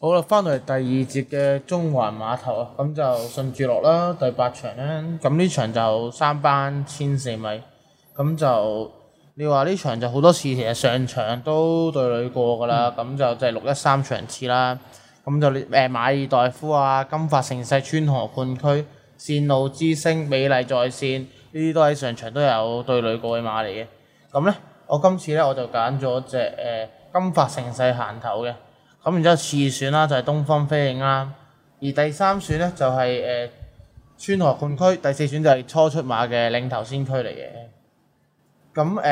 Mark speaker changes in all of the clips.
Speaker 1: 好啦，翻到嚟第二節嘅中環碼頭啊，咁就順住落啦。第八場咧，咁呢場就三班千四米，咁就你話呢場就好多次其實上場都對壘過噶啦，咁、嗯、就就係六一三場次啦。咁就誒馬爾代夫啊、金髮盛世、川河畔區、線路之星、美麗在線呢啲都係上場都有對壘過嘅馬嚟嘅。咁咧，我今次咧我就揀咗隻誒金髮盛世行頭嘅。咁然之後次選啦，就係東方飛影啦；而第三選咧就係誒川河冠區，第四選就係初出馬嘅領頭先驅嚟嘅。咁誒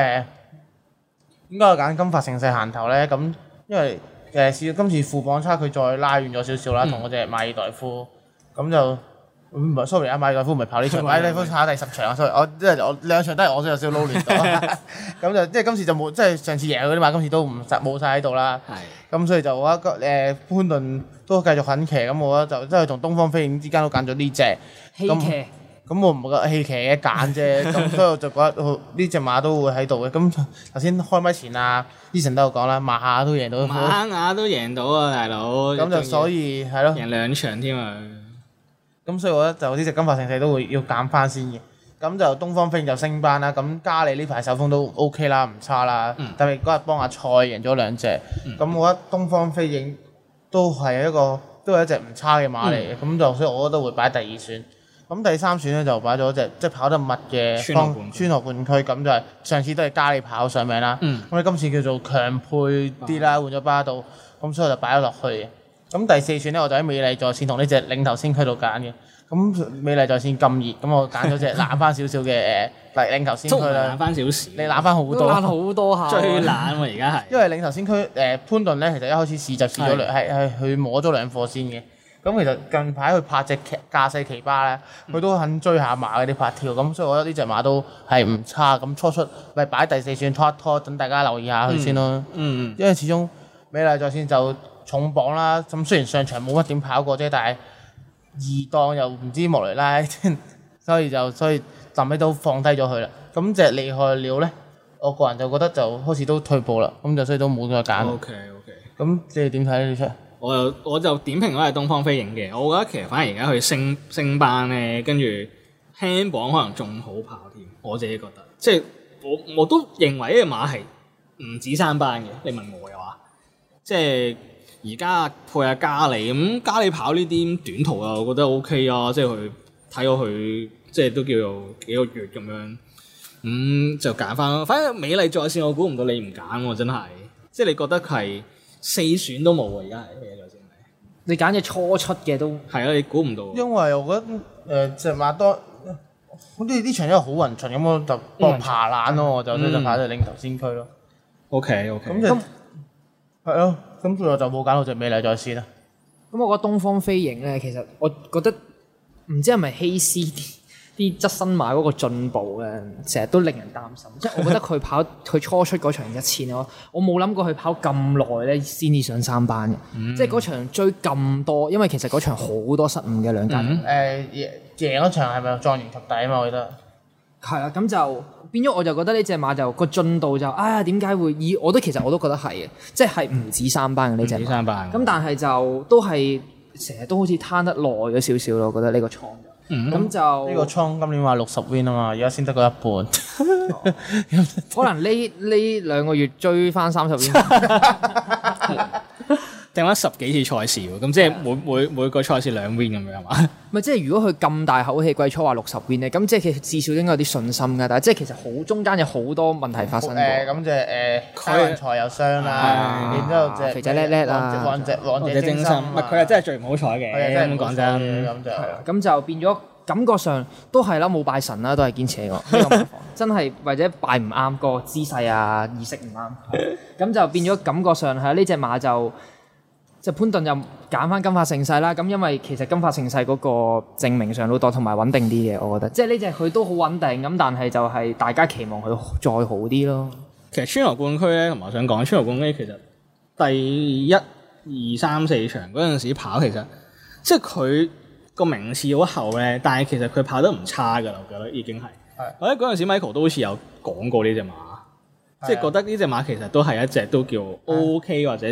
Speaker 1: 點解我揀金發盛世行頭咧，咁因為誒試、呃、今次負磅差距再拉遠咗少少啦，同嗰隻馬爾代夫咁就。嗯嗯唔係，sorry 啊，馬爾代夫唔係跑呢場，馬爾代夫跑第十場啊。Sorry，我即係我兩場都係我有少少撈亂咗。咁就即係今次就冇，即係上次贏嗰啲馬，今次都唔實冇晒喺度啦。咁所以就話誒潘頓都繼續肯騎，咁我咧就即係同東方飛影之間都揀咗呢隻。希騎。咁我唔覺得希騎一揀啫，咁所以我就覺得呢隻馬都會喺度嘅。咁頭先開咪前啊，Eason 都有講啦，馬下都贏到。馬下
Speaker 2: 都贏到啊，大佬！咁就所以係咯。贏兩場添啊！
Speaker 1: 咁所以我覺得就呢隻金髮盛世都會要減翻先嘅，咁就東方飛影就升班啦，咁加里呢排手風都 O K 啦，唔差啦，嗯、特別嗰日幫阿賽贏咗兩隻，咁、嗯、我覺得東方飛影都係一個都係一隻唔差嘅馬嚟嘅，咁、嗯、就所以我覺得會擺第二選，咁第三選咧就擺咗一隻即係跑得密嘅川河半區，咁就係上次都係加里跑上名啦，咁你、嗯、今次叫做強配啲啦，啊、換咗巴度，咁所以就擺咗落去。咁第四串咧，我就喺美麗在線同呢隻領頭先驅度揀嘅。咁美麗在線咁熱，咁我揀咗隻冷翻少少嘅誒，嚟領頭先驅啦。冷翻少少，你冷翻好多，冷翻好多下，最冷喎而家係。因為領頭先驅誒、呃、潘頓咧，其實一開始試就試咗是兩，係係佢摸咗兩課先嘅。咁其實近排佢拍隻奇駕勢奇巴咧，佢、嗯、都肯追下馬嗰啲拍跳，咁所以我覺得呢隻馬都係唔差。咁初出咪擺、就是、第四串拖一拖，等大家留意下佢先咯。嗯、因為始終美麗在線就。重磅啦，咁雖然上場冇乜點跑過啫，但係二檔又唔知莫雷拉 所以就所以臨尾都放低咗佢啦。咁隻厲害鳥咧，我個人就覺得就開始都退步啦，咁就所以都冇再揀。O K O K，咁即係你點睇呢出？
Speaker 2: 我就我就點評我隻東方飛影嘅，我覺得其實反而而家佢升升班咧，跟住輕磅可能仲好跑添，我自己覺得，即係我我都認為呢隻馬係唔止三班嘅，你問我嘅話，即係。而家配下加里咁，加里跑呢啲短途啊，我覺得 O、OK、K 啊，即係佢睇到佢即係都叫做幾個月咁樣，咁、嗯、就揀翻咯。反正美麗在線，我估唔到你唔揀喎，真係，即係你覺得係四選都冇啊，而家係你揀隻初出嘅都係啊，你估唔到。
Speaker 1: 因為我覺得誒，即、呃、係馬多好似呢場因為好勻循咁啊，就幫爬攬咯，我就咧、啊嗯、就跑咗領頭先驅咯。O K O K。係啊，咁、嗯、最後就冇揀到隻美麗再試啦。
Speaker 3: 咁、嗯、我覺得東方飛影咧，其實我覺得唔知係咪希斯啲啲側身馬嗰個進步咧，成日都令人擔心。 即係我覺得佢跑佢初出嗰場一千咯，我冇諗過佢跑咁耐咧先至上三班嘅。嗯、即係嗰場追咁多，因為其實嗰場好多失誤嘅兩間。誒、嗯嗯呃、贏贏嗰場係咪狀元及第啊？我覺得係啊，咁、嗯嗯、就。變咗我就覺得呢隻馬就個進度就哎呀，點解會以我都其實我都覺得係嘅，即係唔止三班嘅呢隻馬。三班、嗯。咁但係就都係成日都好似攤得耐咗少少咯，我覺得呢個倉。咁、嗯、就呢、嗯這個倉
Speaker 1: 今年話六十 win 啊嘛，而家先得個一半。 哦、
Speaker 3: 可能呢呢 兩個月追翻三十 win。訂 翻 十幾次賽事喎，咁即係每 每每個賽事兩 win 咁樣啊嘛。咪即係如果佢咁大口氣，季初話六十邊咧，咁即係佢至少應該有啲信心㗎，但係即係其實好中間有好多問題發生。嘅、呃。咁就誒，有、呃、財有傷啦，啊、然之後隻肥仔叻叻啦，或者或者精心，唔佢係真係最唔好彩嘅。咁講真，咁就咁就變咗感覺上都係啦，冇拜神啦，都係堅持我 真係或者拜唔啱個姿勢啊意識唔啱，咁 就變咗感覺上係呢隻馬就。就潘頓又揀翻金髮盛世啦，咁因為其實金髮盛世嗰個證明上老多同埋穩定啲嘅，我覺得，即係呢隻佢都好穩定，咁但係就係大家期望佢
Speaker 2: 再好啲咯。其實川河冠區咧，同埋我想講川河冠區其實第一二三四場嗰陣時跑，其實即係佢個名次好後咧，但係其實佢跑得唔差噶啦，的我覺得已經係。係，我覺得嗰陣時 Michael 都好似有講過呢隻馬，的即係覺得呢隻馬其實都係一隻都叫 OK 的或者。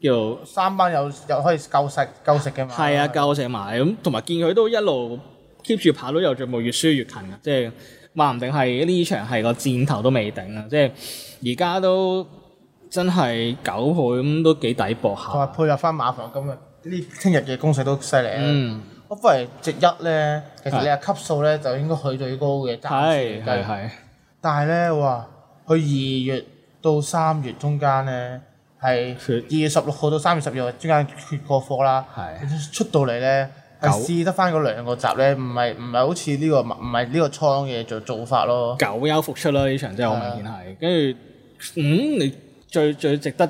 Speaker 2: 叫
Speaker 1: 三班有有可以夠食夠食嘅嘛，係啊，夠食埋
Speaker 2: 咁，同埋見佢都一路 keep 住跑到又進步越輸越近嘅，即係話唔定係呢場係個箭頭都未定啊。即係而家都真係九倍咁，都幾抵
Speaker 1: 博下。同埋配合翻馬房今日呢聽日嘅攻勢都犀利啦。嗯，不過嚟值一咧，其實你係級數咧的就應該去最高嘅揸錢嘅。係係係。但係咧，哇！去二月到三月中間咧。係二月十六號到三月十二號之間缺過課啦，的出到嚟咧係試得翻嗰兩個集咧，唔係唔係好似呢、呢個物唔係呢個倉嘅做做法咯，久休復出啦，呢場真係好明顯係，跟住的嗯，你最最值得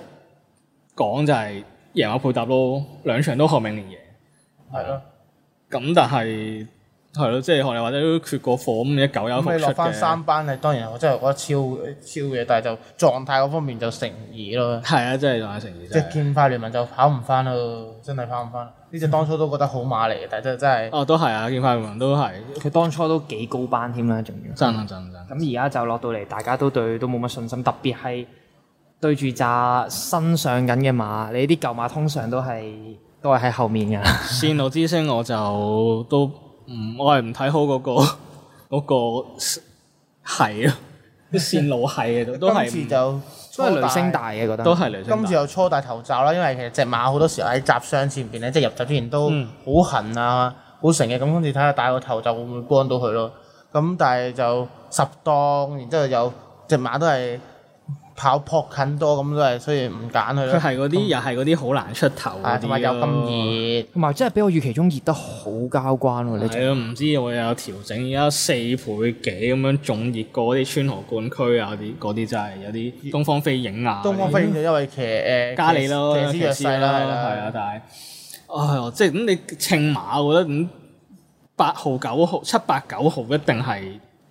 Speaker 1: 講
Speaker 2: 就係贏馬配搭咯，兩場都後明年贏，係咯的，咁、嗯、但係。係咯，即係學你話齋都缺個課咁，一九一六出嘅。落翻三
Speaker 1: 班啊！當然我真係覺得超超嘢，但係就狀態嗰方面就成疑咯。係啊，真係仲係成疑。即係是劍派聯盟就跑唔翻咯，真係跑唔翻。呢隻、嗯、當初都覺得好馬嚟，但係真係真係。哦、啊，都係
Speaker 3: 啊！劍派聯盟都係，佢當初都幾高班添啦，仲要。爭啊爭啊爭！咁而家就落到嚟，大家都對都冇乜信心，特別係對住紮新上緊嘅馬，你啲舊馬通常都係都係喺後面㗎。 線路之星我就都。
Speaker 2: 嗯，我係唔睇好嗰、那個嗰、那個係咯，
Speaker 1: 啲線路係嘅都係，今次就都係雷聲大嘅覺得。今次有初戴頭罩啦，嗯、因為其實隻馬好多時候喺閘箱前邊咧，即、就、係、是、入閘之前都好痕啊，好、嗯、成嘅。咁今次睇下戴個頭罩會唔會幫到佢咯？咁但係就十檔，然之後有隻馬都係。跑迫近多咁都係，所以唔揀佢啦。佢係嗰啲，又係嗰啲好難出頭嗰啲咯。同埋又咁熱，
Speaker 3: 同埋真係比我預期中熱得好交關喎！你係啊，
Speaker 2: 唔知我又有調整，而家四倍幾咁樣仲熱過啲川河冠區啊啲嗰啲，真係有啲東方飛影啊！東方飛影就
Speaker 1: 因為騎誒加利咯，騎師弱勢啦，係啊，但係，
Speaker 2: 唉，即係咁你稱馬，我覺得五八號、九號、七八九號一定係。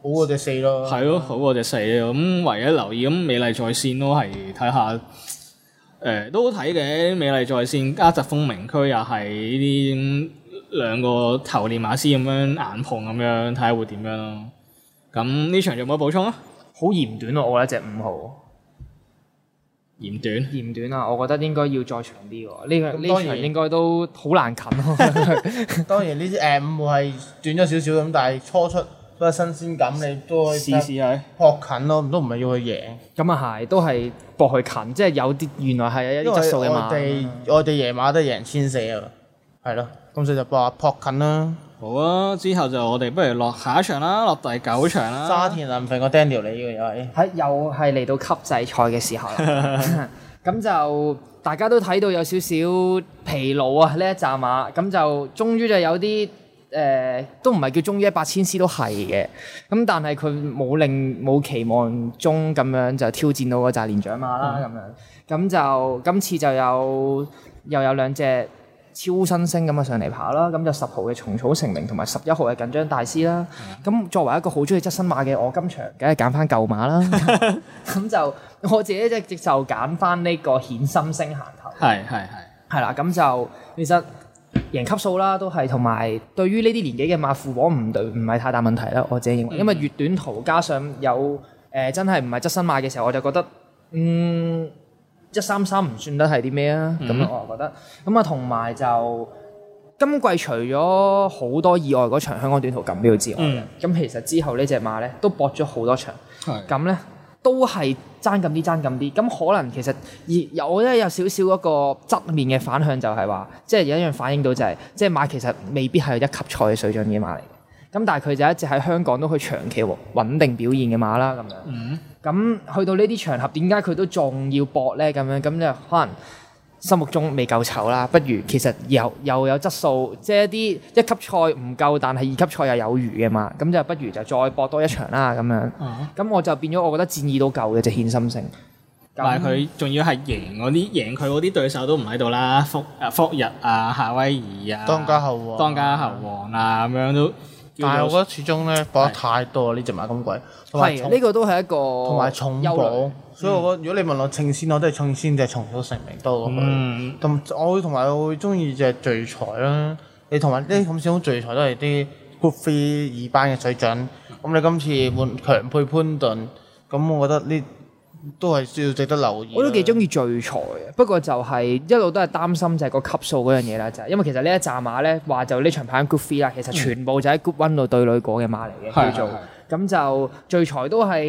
Speaker 2: 好過隻四咯，係咯，好過隻四啊！咁唯一留意咁，美麗在綫咯，係睇下誒，都好睇嘅美麗在綫，加澤峰明區又係呢啲兩個頭年馬斯咁樣硬碰咁樣，睇下會點樣咯。咁呢場有冇補充啊？好
Speaker 3: 嫌短咯，我覺得隻五號嫌短，嫌短啊！我覺得應該要再長啲喎、啊。呢個呢場應該都好難近咯。
Speaker 1: 當然呢啲誒五號係短咗少少咁，但係初出。嗰個新鮮感，你都可以試試啊！撲近咯，都唔係要去贏。咁啊係，都係搏去近，即係有啲原來係有啲質素嘅嘛。我哋、嗯、我哋夜馬都贏千四啊，係咯，咁所以就話撲近啦。好
Speaker 2: 啊，之後就我哋不如落下，下一場啦，落第九場啦。沙田 Daniel 你㗎又係。
Speaker 3: 係、啊、又係嚟到級制賽嘅時候啦。咁 就大家都睇到有少少疲勞啊，呢一站馬、啊、咁就終於就有啲。誒都唔係叫中一八千絲都係嘅，咁但係佢冇令冇期望中咁樣就挑戰到嗰紮年長馬啦咁樣。咁就今次就有又有兩隻超新星咁啊上嚟跑啦，咁就十號嘅蟲草成名同埋十一號嘅緊張大師啦，咁作為一個好鍾意側身馬嘅我今場梗係揀返舊馬啦，咁就我自己即係就揀返呢個顯心星行頭，係係係，係啦，咁就其實。贏級數啦，都係同埋對於呢啲年紀嘅馬父，副榜唔對唔係太大問題啦。我自己認為，因為越短途加上有誒、呃、真係唔係側身馬嘅時候，我就覺得嗯一三三唔算得係啲咩啊。咁、嗯、我就覺得咁啊，同埋就今季除咗好多意外嗰場香港短途錦標之外，咁、嗯、其實之後呢隻馬呢都搏咗好多場，咁咧是。都係爭咁啲爭咁啲，咁可能其實而有我有少少一點點個側面嘅反向就係話，即係有一樣反映到就係、是，即係馬其實未必係一級賽嘅水準嘅馬嚟，咁但係佢就一直喺香港都去以長期穩定表現嘅馬啦，咁樣。咁去到呢啲場合，點解佢都仲要搏呢？咁樣咁就可能。心目中未夠醜啦，不如其實又又有質素，即係一啲一級賽唔夠，但係二級賽又有餘嘅嘛，咁就不如就再搏多一場啦咁樣。咁我就變咗，我覺得戰意都夠嘅，就獻心性。
Speaker 2: 但係佢仲要係贏我啲贏佢嗰啲對手都唔喺度啦，福啊福日啊夏威夷啊，當家侯王當家侯王啊咁、啊、
Speaker 1: 樣都。但係我覺得始終咧放得太多啦，呢隻馬咁貴，同呢、這個
Speaker 3: 都係一個同埋重磅，嗯、
Speaker 1: 所以我覺得如果你問我稱先，我都係稱先，就重組成名多、那個。嗯，同我會同埋我會中意隻聚財啦，你同埋啲咁少聚財都係啲 good fee 二班嘅水準。咁你今次換強配潘頓，咁
Speaker 3: 我覺得呢？都係需要值得留意。我都幾中意聚財嘅，不過就係一路都係擔心就係個級數嗰樣嘢啦，就係因為其實呢一紮馬咧話就呢場排 Group Three 啦，其實全部就喺 Group One 度對女果嘅馬嚟嘅，叫是的 做咁是的 就聚財都係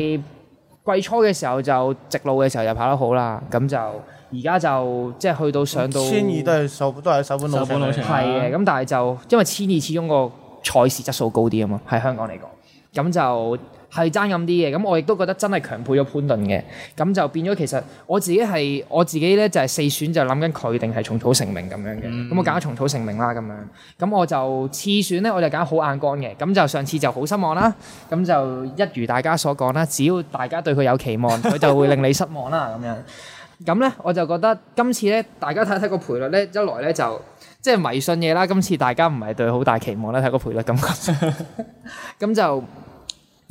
Speaker 3: 季初嘅時候就直路嘅時候就跑得好啦，咁就而家就即係去到上到千二都係首都係喺首本路首本路程係嘅，咁但係就因為千二始終個賽事質素高啲啊嘛，喺香港嚟講，咁就。係爭咁啲嘢，咁我亦都覺得真係強配咗潘頓嘅，咁就變咗其實我自己係我自己咧就係、是、四選就諗緊佢定係重草成名咁樣嘅，咁、嗯、我揀咗重草成名啦咁樣，咁我就次選咧我就揀好眼光嘅，咁就上次就好失望啦，咁就一如大家所講啦，只要大家對佢有期望，佢就會令你失望啦咁 樣，咁咧我就覺得今次咧大家睇睇個賠率咧，一來咧就即係、就是、迷信嘢啦，今次大家唔係對好大期望啦，睇個賠率感覺咁咁 就。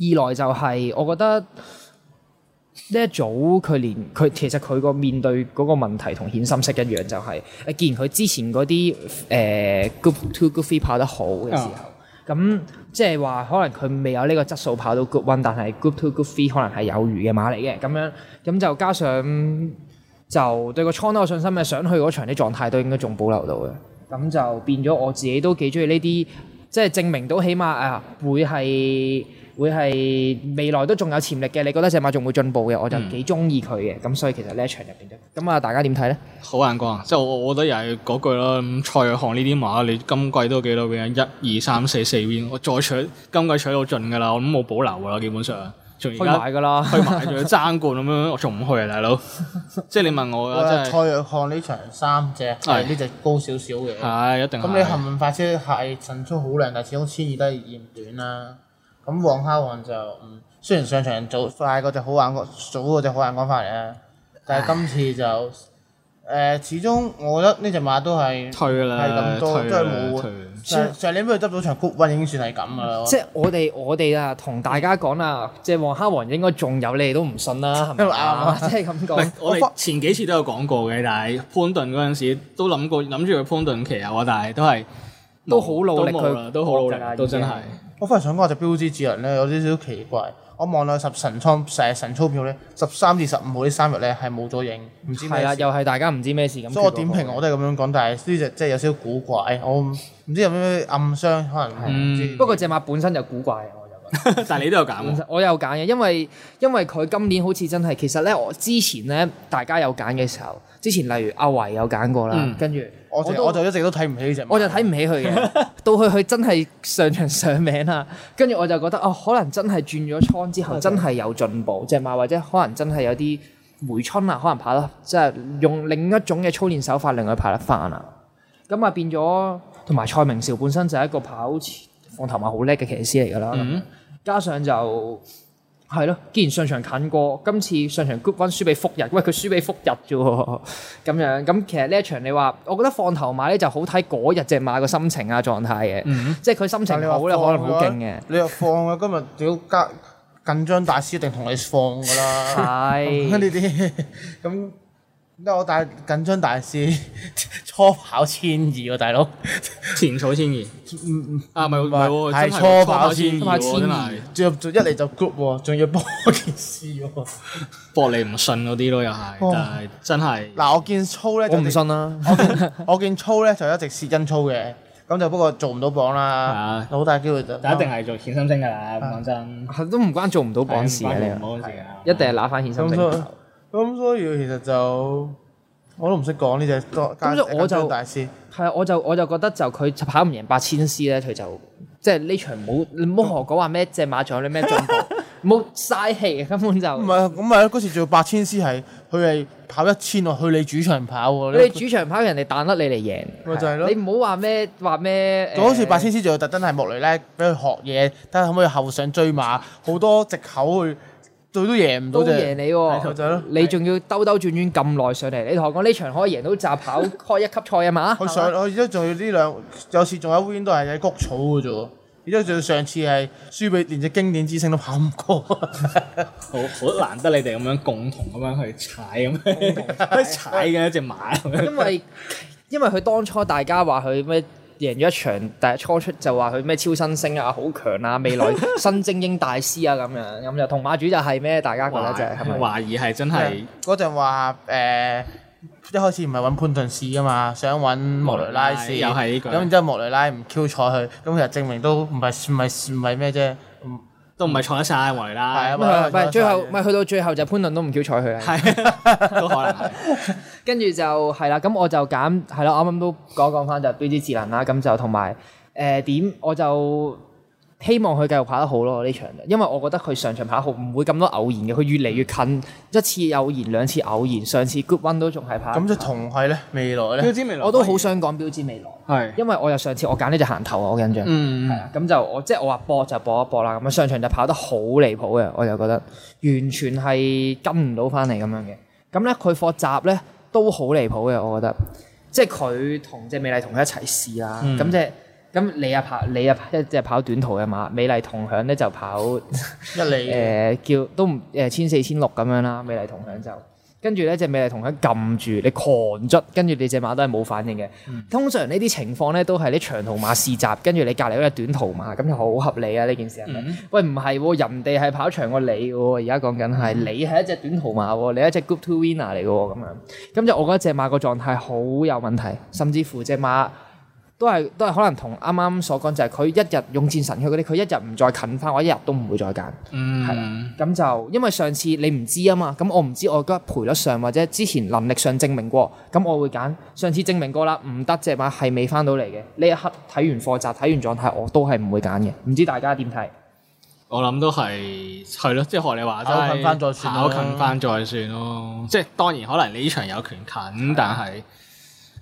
Speaker 3: 二來就係、是，我覺得呢一組佢連佢其實佢個面對嗰個問題同顯心式一樣，就係、是、誒。既然佢之前嗰啲誒 group two group three 跑得好嘅時候，咁即係話可能佢未有呢個質素跑到 group one，但係 group two group three 可能係有餘嘅馬嚟嘅。咁樣咁就加上就對個初都有信心嘅，想去嗰場啲狀態都應該仲保留到嘅。咁就變咗我自己都幾中意呢啲，即係證明到起碼啊、哎、會係。會係未來都仲有潛力嘅，你覺得隻馬仲會進步嘅，我就幾中意佢嘅。咁、嗯、所以其實呢一場入邊，咁啊大家點睇咧？好眼光啊！即
Speaker 2: 係我，我覺得又係嗰句咯。蔡約翰呢啲馬，你今季都幾多 win？一、二、三、四、四 win。我再取今季取到盡㗎啦，我都冇保留㗎啦，基本上。仲要買㗎啦，可以仲要爭冠咁樣，我仲唔去啊，大佬？即係你問我啊，即係蔡
Speaker 1: 約翰呢場三隻，呢隻唉高少少嘅。係一定。咁你幸運快車係神速好靚，但始終千二都係嫌短啦。咁黃蝦王就嗯，雖然上場早快嗰隻好玩過早嗰隻好玩過翻嚟咧，但係今次就誒、呃，始終我覺得呢隻馬都係退啦了，係咁多都係冇。上上了了年邊度執到場谷運已經算係咁噶啦。
Speaker 3: 即係我哋我哋啊，同大家講啦，即係黃蝦王應該仲有，你哋都唔信啦，係咪即係咁講。
Speaker 2: 我前幾次都有講過嘅，但係潘頓嗰陣時都諗過諗住去潘頓騎啊，其實我但係都係都好努力啦，都
Speaker 1: 好努，努，努，努，努力，都真係。我反而想講隻標誌智能咧有少少奇怪，我望下十神倉成日神粗票咧，十三至十五號呢，三日咧係冇咗影，唔知係啊，了又係大家唔知咩事咁。所以我點評我都係咁樣講，但係呢隻即係有少少古怪，我唔知有咩暗箱可能。
Speaker 3: 不過隻馬本身就古怪，我就覺得 但係你都有揀， 我有揀嘅，因為因為佢今年好似真係其實咧，我之前咧大家有揀嘅時候。之前例如阿維有揀過啦，跟住、嗯、我就我，都我就一直都睇唔起呢隻馬，我就睇唔起佢嘅。 到佢佢真係上場上名啦，跟住我就覺得哦，可能真係轉咗倉之後 真係有進步，即係嘛，或者可能真係有啲回春啦，可能跑得即係、就是、用另一種嘅操練手法令佢跑得翻啦。咁啊變咗，同埋蔡明紹本身就係一個跑放頭馬好叻嘅騎師嚟㗎啦，嗯、加上就。係咯，既然上場近過，今次上場 Group One 輸俾復日，喂佢輸俾復日啫喎，咁樣咁其實呢一場你話，我覺得放頭馬咧就好睇嗰日隻馬個心情啊狀態嘅，嗯嗯即係佢心情好咧，啊、可能好勁嘅。你
Speaker 1: 又放啊，今日屌緊緊張大師一定同你放噶啦，係呢啲咁。因為我大緊張大師初跑千二喎，大佬前草千二，唔唔啊唔係唔係，係初跑千二喎，真係，一嚟就 good 喎，仲要搏件事
Speaker 2: 搏你唔信嗰啲咯，又係，但係
Speaker 1: 真係。嗱我見操咧，我唔信啦。我見操咧就一直試真操嘅，咁就不過做唔到榜啦，好大機會就。一定係做潛深精噶啦，咁講真。都唔關做唔到榜事嘅，你唔好一
Speaker 3: 定係拿翻潛深精。咁、嗯、所以其實就我都唔識講呢隻，但係、嗯嗯、我就係啊！我就我就覺得就佢跑唔贏八千絲咧，佢就即係呢場冇、嗯、你唔好講話咩？隻馬場你咩進步？冇嘥 氣，根本就唔係
Speaker 1: 咁啊！嗰時做八千絲係佢係跑一千喎，去你主場跑喎，你主場跑，主場跑人哋彈甩你嚟贏咪就係咯！你
Speaker 3: 唔好話咩話咩？嗰、呃、時八千
Speaker 1: 絲仲要特登係莫雷咧
Speaker 3: 俾佢學嘢，睇下可唔可以後上追馬，好多藉口去。最多贏唔到啫，贏你喎！你仲要兜兜轉轉咁耐上嚟，你同我講呢場可以贏到集跑開一級賽啊嘛！佢 上，佢而
Speaker 1: 家仲要呢兩有次仲有 win 都係喺谷草嘅啫喎，而家仲上次係輸俾連隻經典之星都跑唔過， 好好難
Speaker 3: 得你哋咁樣共同咁樣去踩咁樣， 踩嘅 一隻馬咁樣， 因為因為佢當初大家話佢咩？贏咗一場，但係初出就話佢咩超新星啊，好強啊，未來新精英大師啊咁樣。咁就同馬主就係咩？大家覺得即、就、係、是，懷
Speaker 1: 疑係真係。
Speaker 3: 嗰陣的話、呃、
Speaker 1: 一開始唔係揾潘頓試啊嘛，想揾莫雷拉試。又係呢個。咁然之後莫雷拉唔 Q 睬佢，咁又其實證明都唔係唔係唔係咩啫，都唔係錯得曬莫雷拉。唔係，唔係最後，
Speaker 3: 唔係去到最後就潘頓都唔 Q 睬佢。係，都可能。跟住就係啦，咁我就揀係啦。啱啱都講講翻就標致智能啦，咁就同埋誒點我就希望佢繼續跑得好咯呢場，因為我覺得佢上場跑得好唔會咁多偶然嘅，佢越嚟越近一次偶然，兩次偶然，上次 good one 都仲係跑。咁就同係咧，未來咧，我都好想講標致未來係，的因為我又上次我揀呢隻行頭啊，我印象，嗯咁就我即係我話博就博一博啦。咁上場就跑得好離譜嘅，我就覺得完全係跟唔到翻嚟咁樣嘅。咁咧佢課集咧。都好離譜嘅，我覺得， 即係佢同隻美麗同佢一齊試啦，咁即係，咁、就是、你啊跑，你啊一隻跑短途嘅馬，美麗同享咧就跑 一哩的，誒、呃、叫都唔誒千四千六咁樣啦，美麗同享就。跟住呢隻馬同佢撳住，你狂卒，跟住你隻馬都係冇反應嘅。通常呢啲情況呢，都係你長途馬試閘，跟住你隔離嗰隻短途馬，咁就好合理啊呢件事。嗯嗯喂，唔係喎，人哋係跑長過你喎，而家講緊係你係一隻短途馬，你係一隻 Group 2 winner 嚟嘅喎，咁樣。咁就我覺得隻馬個狀態好有問題，甚至乎隻馬。都係都係可能同啱啱所講，就係佢一日用戰神去嗰啲，佢一日唔再近翻，我一日都唔會再揀。嗯，係啦，咁就因為上次你唔知啊嘛，咁我唔知我嘅賠率上或者之前能力上證明過，咁我會揀上次證明過啦，唔得，隻馬，係未翻到嚟嘅呢一刻睇完課集、睇完狀態，我都係唔會揀嘅。唔知大家點睇？
Speaker 2: 我諗都係係咯，即係學你話，都近翻再算咯，近翻再算咯。啊、即係當然可能你呢場有權近，但係是。啊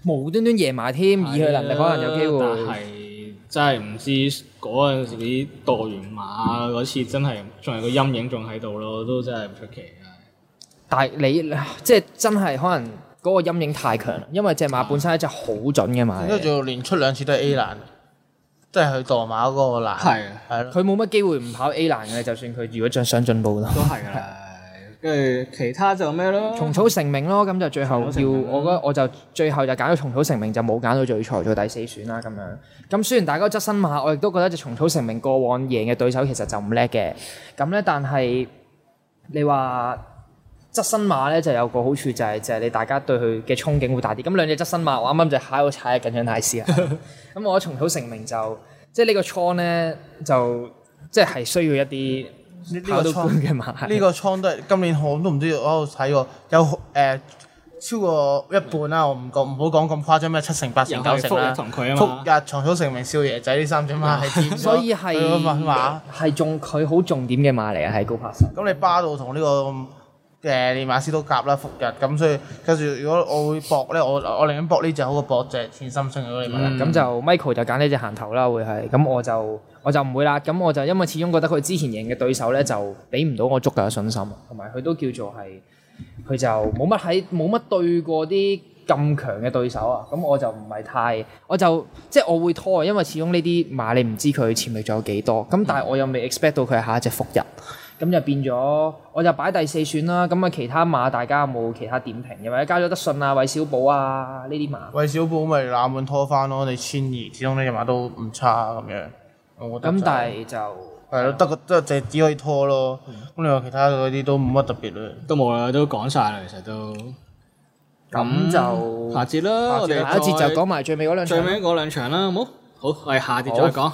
Speaker 3: 無端端夜馬添，以佢能力可能有機會。但係
Speaker 2: 真係唔知嗰陣時啲墮完馬嗰次真係，仲有個陰影仲喺度咯，都真係唔出奇。
Speaker 3: 但係你即係真係可能嗰個陰影太強，因為隻馬本身一隻好準嘅馬，跟住仲連出兩次都係 A 難，嗯、即係佢墮馬嗰個難。係係咯，佢冇乜機會唔跑 A 難嘅，就算佢如果再想進步 都係嘅。 跟其他就咩咯？蟲草成名咯，咁就最後要我覺得我就最後就揀咗蟲草成名，就冇揀到最賽做第四選啦咁樣。咁雖然大家都側身馬，我亦都覺得隻蟲草成名過往贏嘅對手其實就唔叻嘅。咁咧，但係你話側身馬咧就有個好處就係、是、就係、是、你大家對佢嘅憧憬會大啲。咁兩隻側身馬，我啱啱就喺度踩緊張太師啊。咁 我覺得蟲草成名就即係呢個倉咧就即係需要一啲。 呢個
Speaker 1: 倉都係今年我都唔知我喺度睇過，有誒、呃、超過一半啦，我唔講唔好講咁誇張咩七成八成九成啦。有佢啊嘛。複日藏草成名少爺仔呢三隻馬係點？所以係是。話
Speaker 3: 係重佢好重點嘅馬嚟啊，係高柏
Speaker 1: 咁、嗯、你巴到同呢個嘅、嗯、連馬斯都夾啦，複日咁所以跟住如果我會博咧，我我寧願博呢隻好過博隻淺深青嗰啲馬咁、嗯、就
Speaker 3: Michael 就揀呢隻行頭啦，會係咁我就。我就唔會啦，咁我就因為始終覺得佢之前贏嘅對手呢，就俾唔到我足夠嘅信心，同埋佢都叫做係佢就冇乜喺冇乜對過啲咁強嘅對手啊，咁我就唔係太，我就即係我會拖，因為始終呢啲馬你唔知佢潛力仲有幾多，咁但係我又未 expect 到佢係下一隻複入，咁、嗯、就變咗我就擺第四選啦，咁啊其他馬大家有冇其他點評？又或者加咗德信啊、韋小寶啊呢啲馬？韋小寶咪冷門拖翻咯，你千二始終呢隻馬都唔差咁樣。咁但係就
Speaker 1: 係咯，得個得就是、只可以拖咯。咁你話其他嗰啲都冇乜特別咯，都冇啦，都講晒啦，其實都咁、嗯、就下節啦。節我哋
Speaker 3: 下一節就講埋最尾嗰兩場，最
Speaker 2: 尾嗰兩場啦，好冇？好，係下節再講。